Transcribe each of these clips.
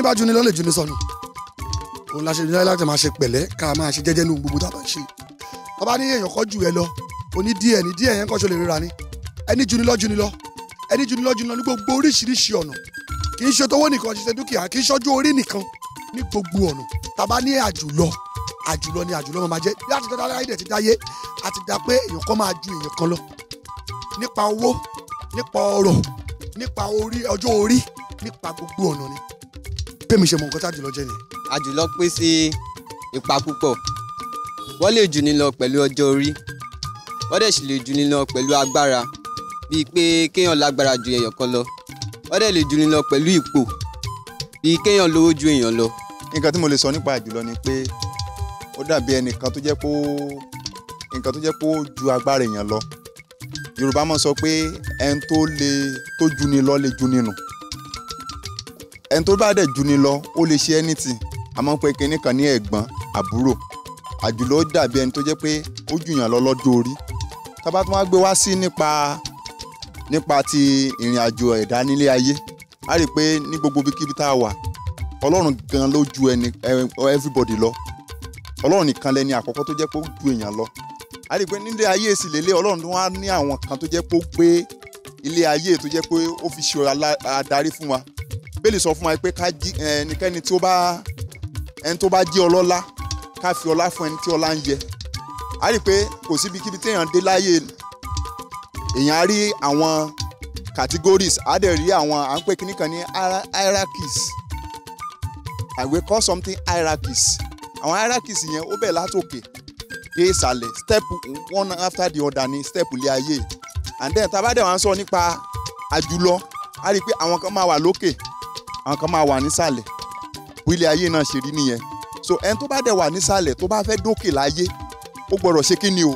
ẹni bá juni ló lè juni sọnù òun la ṣe ní láti máa ṣe pẹ̀lẹ́ ká máa ṣe jẹ́jẹ́ ní gbogbo tá a bá ṣe bàbá ní èèyàn kọ́ ju ẹ lọ oní díẹ̀ ní díẹ̀ yẹn kọ́ ṣe lè ríra ni ẹni juni lọ juni lọ ẹni juni lọ juni lọ ní gbogbo oríṣiríṣi ọ̀nà kì í ṣe tówó nìkan ṣiṣẹ́ dúkìá kì í ṣojú orí nìkan ní gbogbo ọ̀nà tàbá ní àjùlọ àjùlọ ni àjùlọ máa jẹ́ láti dá dára ìdẹ̀ ti dáyé àti dá pé èèyàn kan máa ju èèyàn kan lọ nípa owó nípa ọrọ̀ nípa orí ọjọ́ orí nípa gbogbo ọ̀nà ni bẹ́ẹ̀ mi ṣe mọ nǹkan tá àjùlọ jẹ ni. àjùlọ pín sí ipa púpọ̀ wọ́n lè jù ní lọ pẹ̀lú ọjọ́ orí wọ́n dẹ̀ sì lè jù ní lọ pẹ̀lú agbára bíi pé kéèyàn lágbára ju èèyàn kan lọ wọ́n dẹ̀ lè jù ní lọ pẹ̀lú ipò bíi kéèyàn lówó ju èèyàn lọ. nǹkan tí mo lè sọ nípa àjùlọ ni pé ó dàbí ẹnìkan tó jẹ́ pé ó nǹkan tó jẹ́ pé ó ju agbára èèyàn lọ yorùbá mọ̀ sọ pé ẹni tó lè tó jù ni lọ lè jù ni nù. No ẹni tó bá dẹ̀ jù ni lọ ó lè ṣe anything a máa ń pe kinní kan ní ẹ̀gbọ́n àbúrò àjùlọ dàbí ẹni tó jẹ́ pé ó jùyàn lọ lọ́jọ́ orí tá bá tún wá gbé wá sí nípa nípa ti ìrìn àjò ẹ̀dá nílé ayé a rí i pé ní gbogbo ibikíbi tá a wà ọlọ́run gan ló ju ẹni everybody lọ ọlọ́run nìkan lẹni àkọ́kọ́ tó jẹ́ pé ó ju èèyàn lọ a rí i pé nílé ayé èsì lélẹ̀ ọlọ́run wá ní àwọn kan tó jẹ́ pé ó gbé ilé ayé tó jẹ́ pé ó fi ṣe adarí fún wa bẹ́ẹ̀lì sọ fún wa pé ká jí eh, ẹnikẹ́ni tí ó bá ẹni tó bá jí ọlọ́lá ká fi ọlá fún ẹni tí ọlá ń yẹ a rí i pé kò síbi kíbi téèyàn dé láyé èèyàn á rí àwọn categories á dẹ̀ rí àwọn à ń pè kíní kan ní hierarchies I will call something hierarchies àwọn hierarchies yẹn ó bẹ̀ látòkè dé ìsàlẹ̀ step one after the other ni step ilé ayé and then tá a bá dẹ̀ wá ń sọ nípa àjùlọ a rí i pé àwọn kan máa wà lókè. Okay àwọn kan máa wà nísàlẹ̀ wílẹ̀ ayé náà ṣe rí nìyẹn so ẹni tó bá dẹ̀ wà nísàlẹ̀ tó bá fẹ́ dókè láyé ó gbọ́dọ̀ ṣe kíni o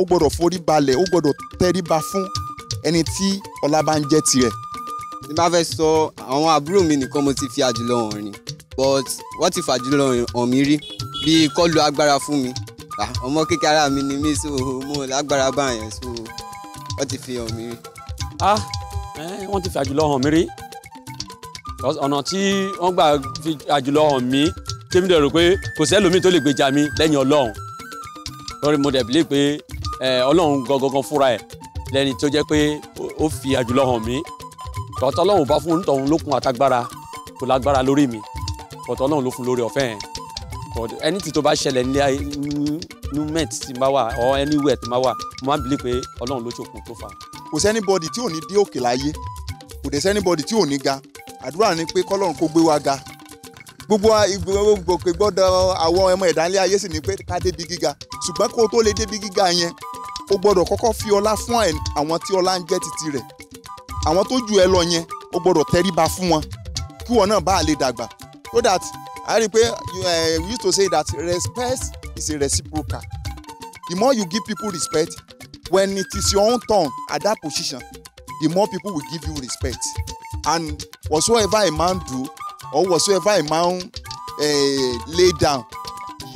ó gbọ́dọ̀ forí balẹ̀ ó gbọ́dọ̀ tẹríba fún ẹni tí ọlá bá ń jẹ́ tirẹ̀. tí bá fẹ́ sọ àwọn àbúrò mi nìkan mo ti fi àjùlọ hàn rìn but wọ́n ti fàjùlọ hàn mí rí bíi kọ́lu agbára fún mi ọmọ kékeré mi ni mí so mo lágbára báyẹn so wọ́n ti fi hàn mí rí. ah wọ́n ti fàjùlọ hàn mí rí ọ̀nà tí wọ́n gbà fi àjùlọ hàn mí tèmi dẹ̀ rò pé kò sẹ́lòmíì tó lè gbèjà mi lẹ́yìn ọlọ́run lórí mo dẹ̀ bílẹ̀ pé ọlọ́run gangan fúnra ẹ̀ lẹ́ni tó jẹ́ pé ó fi àjùlọ hàn mí tọ́tọ́ ọlọ́run bá fún onítọ̀hún lókun àtagbára kò lágbára lórí mi tọ́tọ́ ọlọ́run ló fún lórí ọ̀fẹ́ yẹn ẹni tí tó bá ṣẹlẹ̀ nílé nument tí máa wà or anywhere tí máa wà mo máa ń bílẹ̀ pé ọlọ́run ló ṣokùn tó fà. kò sẹ́nibọ́dì tí ò ní dé òkè láyé kò dẹ̀ sẹ́nibọ́dì tí ò ní ga àdúrà ni pé kọ́lọ́run kó gbé wa ga gbogbo ìgbòkè gbọ́dọ̀ àwọn ọmọ ìdálẹ́ ayé sì ni pé ká débi gíga ṣùgbọ́n kó o tó lè débi gíga yẹn o gbọ́dọ̀ kọ́kọ́ fi ọlá fún àwọn tí ọlá ń jẹ́ titi rẹ̀ àwọn tó ju ẹ lọ yẹn o gbọ́dọ̀ tẹríba fún wọn kí wọn náà bá lè dàgbà so that I rí pé we used to say that respect is a reciprocal the more you give people respect when it is your own turn at that position the more people will give you respect and whatsoever a man do or whatsoever a man uh, lay down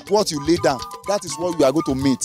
what you lay down that is what you are going to meet